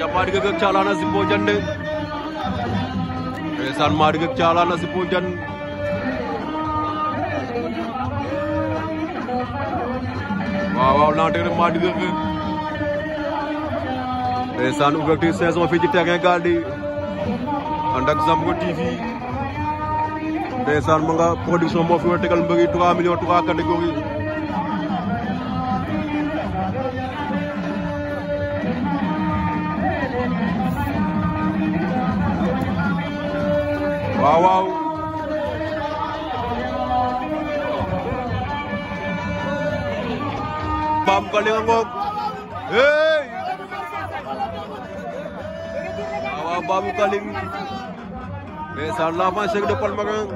జపాటికి చాలా నసిపోచండి సన్మాడికి చాలా నసిపోచండి నాటకం మాటికి Esan ouvrek te sezon fiti teren gade An dak zam go TV Esan mwen ga produksyon mwen fwe tekel mberi 3 milyon 3 kategori waaw waaw Pape Ngalinga ngoog hey waaw waaw Pape Ngalinga ndeysaan l'avant chef de Palmarin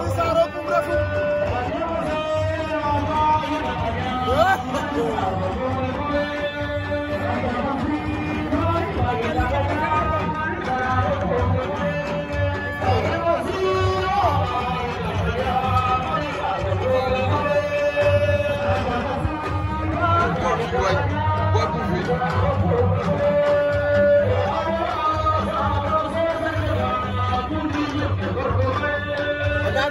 Waly Saaro kum rafet Thank you.